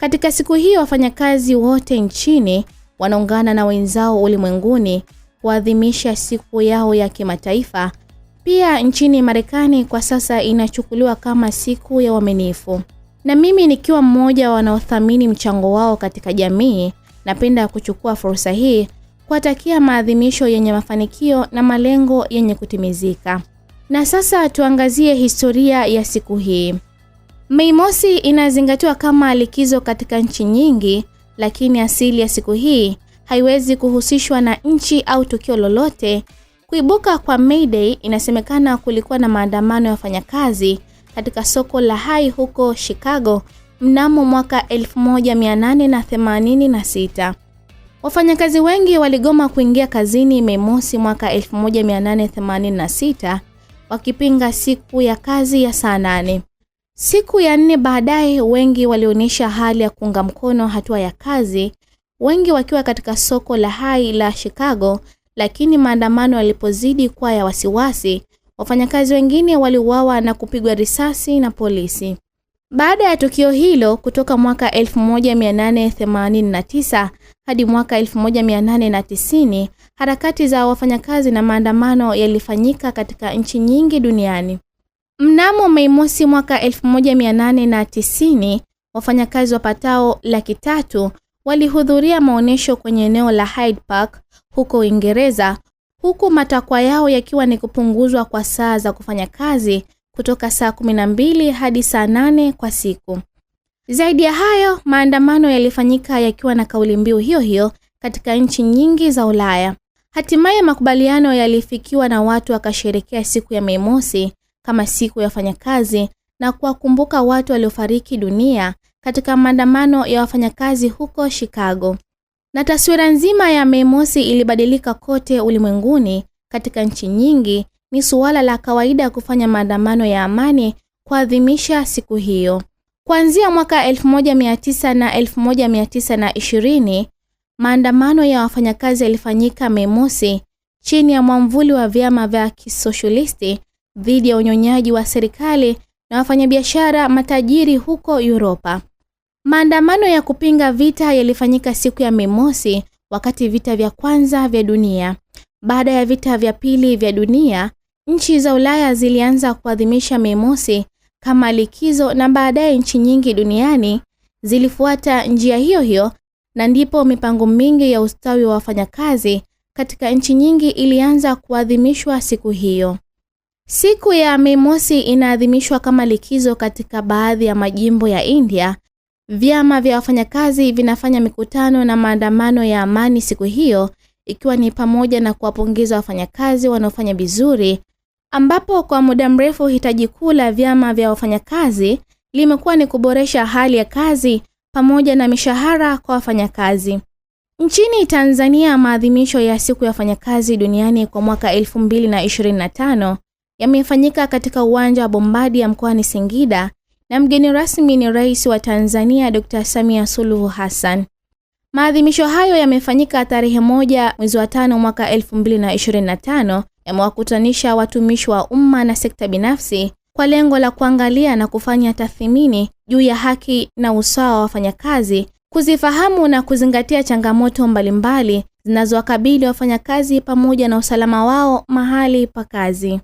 Katika siku hiyo, wafanyakazi wote nchini wanaungana na wenzao ulimwenguni kuadhimisha siku yao ya kimataifa. Pia nchini Marekani kwa sasa inachukuliwa kama siku ya uaminifu, na mimi nikiwa mmoja wanaothamini mchango wao katika jamii, napenda kuchukua fursa hii kuwatakia maadhimisho yenye mafanikio na malengo yenye kutimizika. Na sasa tuangazie historia ya siku hii. Mei Mosi inazingatiwa kama likizo katika nchi nyingi, lakini asili ya siku hii haiwezi kuhusishwa na nchi au tukio lolote. Kuibuka kwa May Day, inasemekana kulikuwa na maandamano ya wafanyakazi katika soko la Hai huko Chicago mnamo mwaka 1886. Wafanyakazi wengi waligoma kuingia kazini Mei Mosi mwaka 1886 wakipinga siku ya kazi ya saa nane. Siku ya nne baadaye, wengi walionyesha hali ya kuunga mkono hatua ya kazi, wengi wakiwa katika soko la hai la Chicago. Lakini maandamano yalipozidi kuwa ya wasiwasi, wafanyakazi wengine waliuawa na kupigwa risasi na polisi. Baada ya tukio hilo kutoka mwaka 1889 hadi mwaka 1890, harakati za wafanyakazi na maandamano yalifanyika katika nchi nyingi duniani. Mnamo Mei Mosi mwaka 1890 wafanyakazi wapatao laki tatu walihudhuria maonyesho kwenye eneo la Hyde Park huko Uingereza, huku matakwa yao yakiwa ni kupunguzwa kwa saa za kufanya kazi kutoka saa 12 hadi saa 8 kwa siku. Zaidi ya hayo, maandamano yalifanyika yakiwa na kauli mbiu hiyo hiyo katika nchi nyingi za Ulaya. Hatimaye makubaliano yalifikiwa na watu wakasherekea siku ya Mei Mosi kama siku ya wafanyakazi na kuwakumbuka watu waliofariki dunia katika maandamano ya wafanyakazi huko Chicago. Na taswira nzima ya Mei Mosi ilibadilika kote ulimwenguni. Katika nchi nyingi ni suala la kawaida ya kufanya maandamano ya amani kuadhimisha siku hiyo. Kuanzia mwaka 1900 na 1920 maandamano ya wafanyakazi yalifanyika Mei Mosi chini ya mwamvuli wa vyama vya kisoshalisti dhidi ya unyonyaji wa serikali na wafanyabiashara matajiri huko Uropa. Maandamano ya kupinga vita yalifanyika siku ya Mei Mosi wakati vita vya kwanza vya dunia. Baada ya vita vya pili vya dunia, nchi za Ulaya zilianza kuadhimisha Mei Mosi kama likizo na baadaye nchi nyingi duniani zilifuata njia hiyo hiyo na ndipo mipango mingi ya ustawi wa wafanyakazi katika nchi nyingi ilianza kuadhimishwa siku hiyo. Siku ya Mei Mosi inaadhimishwa kama likizo katika baadhi ya majimbo ya India. Vyama vya wafanyakazi vinafanya mikutano na maandamano ya amani siku hiyo, ikiwa ni pamoja na kuwapongeza wafanyakazi wanaofanya vizuri, ambapo kwa muda mrefu hitaji kuu la vyama vya wafanyakazi limekuwa ni kuboresha hali ya kazi pamoja na mishahara kwa wafanyakazi. Nchini Tanzania, maadhimisho ya siku ya wafanyakazi duniani kwa mwaka 2025 yamefanyika katika uwanja wa Bombadi ya mkoani Singida na mgeni rasmi ni Rais wa Tanzania Dr. Samia Suluhu Hassan. Maadhimisho hayo yamefanyika tarehe moja mwezi wa tano mwaka 2025, yamewakutanisha watumishi wa umma na sekta binafsi kwa lengo la kuangalia na kufanya tathmini juu ya haki na usawa wa wafanyakazi, kuzifahamu na kuzingatia changamoto mbalimbali zinazowakabili wafanyakazi pamoja na usalama wao mahali pa kazi.